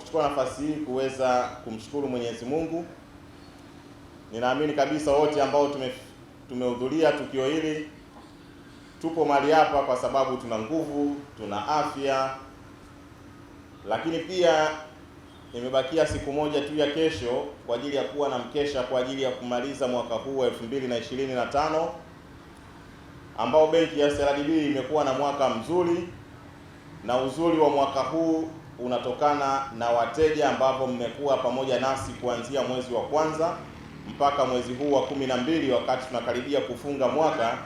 kuchukua nafasi hii kuweza kumshukuru Mwenyezi Mungu. Ninaamini kabisa wote ambao tume tumehudhuria tukio hili tupo mahali hapa kwa sababu tuna nguvu, tuna afya, lakini pia imebakia siku moja tu ya kesho kwa ajili ya kuwa na mkesha kwa ajili ya kumaliza mwaka huu wa 2025 ambao benki ya CRDB imekuwa na mwaka mzuri, na uzuri wa mwaka huu unatokana na wateja ambapo mmekuwa pamoja nasi kuanzia mwezi wa kwanza mpaka mwezi huu wa kumi na mbili, wakati tunakaribia kufunga mwaka.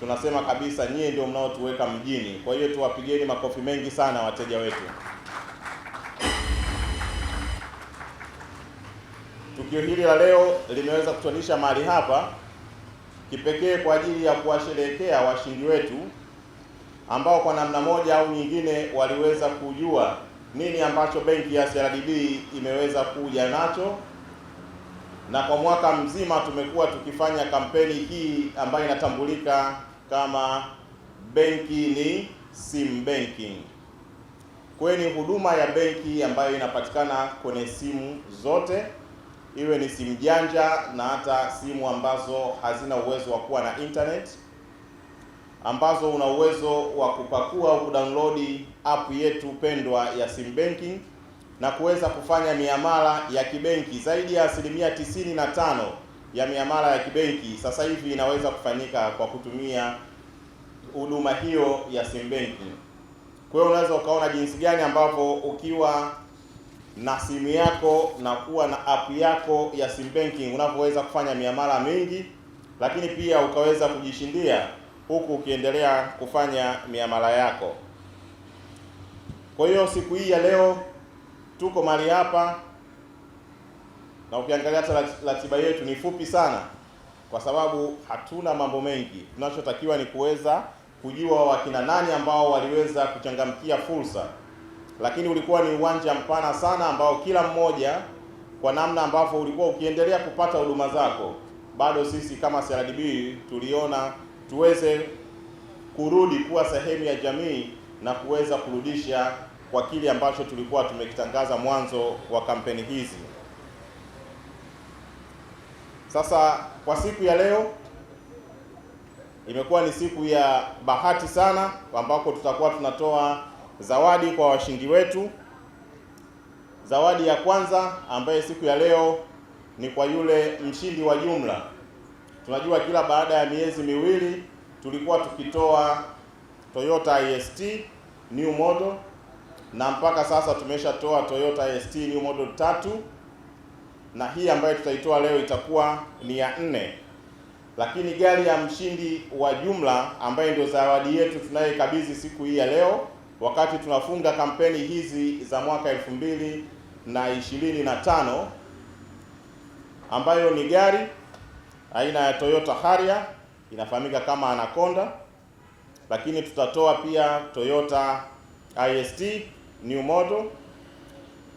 Tunasema kabisa nyie ndio mnaotuweka mjini. Kwa hiyo tuwapigeni makofi mengi sana wateja wetu. Tukio hili la leo limeweza kutonisha mahali hapa kipekee kwa ajili ya kuwasherehekea washindi wetu ambao kwa namna moja au nyingine waliweza kujua nini ambacho benki ya CRDB imeweza kuja nacho, na kwa mwaka mzima tumekuwa tukifanya kampeni hii ambayo inatambulika kama benki ni sim banking. Kwani huduma ya benki ambayo inapatikana kwenye simu zote, iwe ni simu janja na hata simu ambazo hazina uwezo wa kuwa na internet ambazo una uwezo wa kupakua au kudownload app yetu pendwa ya sim banking na kuweza kufanya miamala ya kibenki. Zaidi ya asilimia tisini na tano ya miamala ya kibenki sasa hivi inaweza kufanyika kwa kutumia huduma hiyo ya sim banking. Kwa hiyo unaweza ukaona jinsi gani ambapo ukiwa na simu yako na kuwa na app yako ya sim banking unavyoweza kufanya miamala mingi, lakini pia ukaweza kujishindia huku ukiendelea kufanya miamala yako. Kwa hiyo siku hii ya leo tuko mahali hapa, na ukiangalia hata ratiba yetu ni fupi sana, kwa sababu hatuna mambo mengi. Tunachotakiwa ni kuweza kujua wakina nani ambao waliweza kuchangamkia fursa, lakini ulikuwa ni uwanja mpana sana ambao kila mmoja kwa namna ambavyo ulikuwa ukiendelea kupata huduma zako, bado sisi kama CRDB tuliona tuweze kurudi kuwa sehemu ya jamii na kuweza kurudisha kwa kile ambacho tulikuwa tumekitangaza mwanzo wa kampeni hizi. Sasa kwa siku ya leo imekuwa ni siku ya bahati sana, ambapo tutakuwa tunatoa zawadi kwa washindi wetu. Zawadi ya kwanza ambaye siku ya leo ni kwa yule mshindi wa jumla Tunajua kila baada ya miezi miwili tulikuwa tukitoa Toyota IST new model na mpaka sasa tumeshatoa Toyota IST new model tatu na hii ambayo tutaitoa leo itakuwa ni ya nne, lakini gari ya mshindi wa jumla ambaye ndio zawadi yetu tunayekabidhi siku hii ya leo wakati tunafunga kampeni hizi za mwaka elfu mbili na ishirini na tano ambayo ni gari aina ya Toyota Harrier inafahamika kama Anaconda, lakini tutatoa pia Toyota IST new model.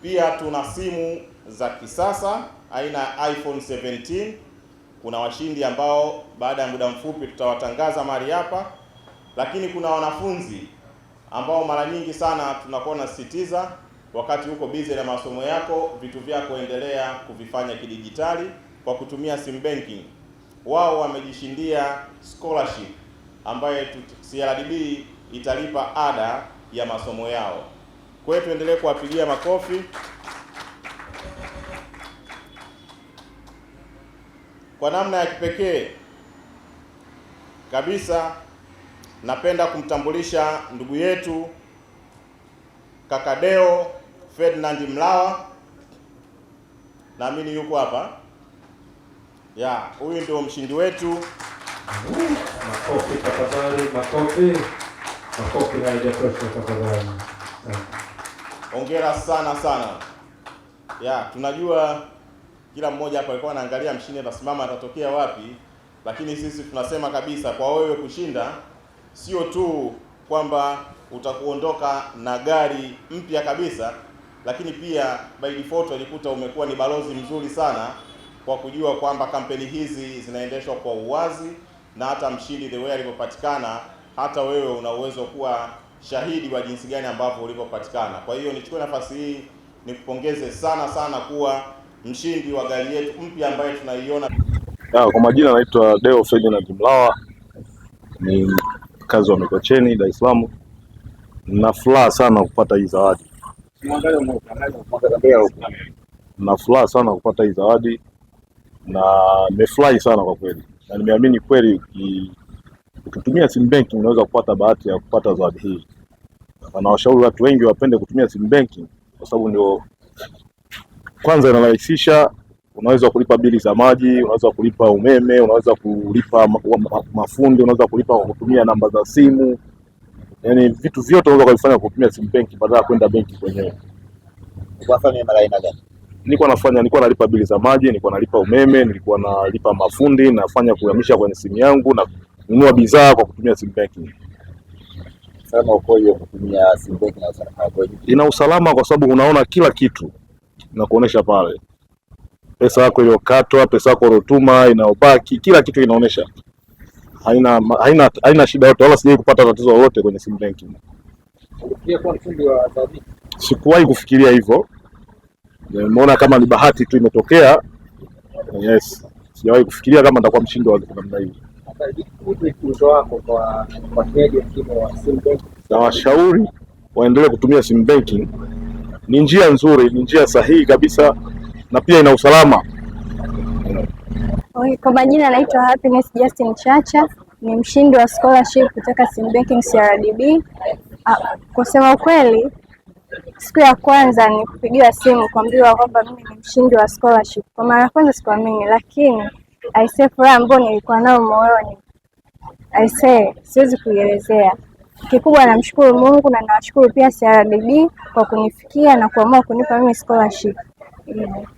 Pia tuna simu za kisasa aina ya iPhone 17. Kuna washindi ambao baada ya muda mfupi tutawatangaza mahali hapa, lakini kuna wanafunzi ambao mara nyingi sana tunakuwa nasisitiza wakati huko busy na masomo yako, vitu vyako endelea kuvifanya kidijitali kwa kutumia sim banking wao wamejishindia scholarship ambayo CRDB italipa ada ya masomo yao. Kwa hiyo tuendelee kuwapigia makofi. Kwa namna ya kipekee kabisa napenda kumtambulisha ndugu yetu Kakadeo Ferdinand Mlawa, naamini yuko hapa ya huyu ndio mshindi wetu. Makofi tafadhali, makofi, makofi hayajatosha tafadhali. Hongera sana sana. Ya, tunajua kila mmoja hapa alikuwa anaangalia mshindi atasimama atatokea wapi, lakini sisi tunasema kabisa kwa wewe kushinda sio tu kwamba utakuondoka na gari mpya kabisa, lakini pia by default walikuta umekuwa ni balozi mzuri sana kwa kujua kwamba kampeni hizi zinaendeshwa kwa uwazi na hata mshindi the way alivyopatikana, hata wewe una uwezo kuwa shahidi wa jinsi gani ambavyo ulivyopatikana. Kwa hiyo nichukue nafasi hii nikupongeze sana sana kuwa mshindi wa gari yetu mpya ambayo tunaiona. Ah, kwa majina naitwa Deo Ferdinand Mlawa, ni mkazi wa Mikocheni, Dar es Salaam. Na furaha sana kupata hii zawadi, na furaha sana kupata hii zawadi na nimefurahi sana kwa kweli, na nimeamini kweli ukitumia sim banking unaweza kupata bahati ya kupata zawadi hii, na nawashauri watu wengi wapende kutumia sim banking kwa sababu ndio kwanza inarahisisha unaweza kulipa bili za maji, unaweza kulipa umeme, unaweza kulipa mafundi, unaweza kulipa kwa kutumia namba za simu. Yani vitu vyote unaweza kuvifanya kwa kutumia sim banking badala ya kwenda benki kwenyewe. Kwa mfano ni mara aina gani? nilikuwa nafanya, nilikuwa nalipa bili za maji, nilikuwa nalipa umeme, nilikuwa nalipa mafundi, nafanya kuhamisha kwenye simu yangu na kununua bidhaa kwa kutumia sim banking. Ina usalama kwa sababu unaona kila kitu na kuonesha pale pesa yako iliyokatwa, pesa yako iliyotuma, inayobaki, kila kitu inaonesha. Haina, haina, haina shida yote, wala sijai kupata tatizo lolote kwenye sim banking. Sikuwahi kufikiria hivyo Nimeona kama ni bahati tu imetokea. Yes, sijawahi kufikiria kama nitakuwa mshindi wa namna hii. Na washauri waendelee kutumia sim banking, ni njia nzuri, ni njia sahihi kabisa, na pia ina usalama. Kwa majina naitwa Happiness Justin Chacha, ni mshindi wa scholarship kutoka Sim Banking CRDB. Ah, kusema ukweli Siku ya kwanza ni kupigiwa simu kuambiwa kwamba mimi ni mshindi wa scholarship, kwa mara ya kwanza sikuamini, lakini aisee, furaha ambayo nilikuwa nayo moyoni, aisee, siwezi kuielezea. Kikubwa namshukuru Mungu na nawashukuru pia CRDB kwa kunifikia na kuamua kunipa mimi scholarship. Yeah.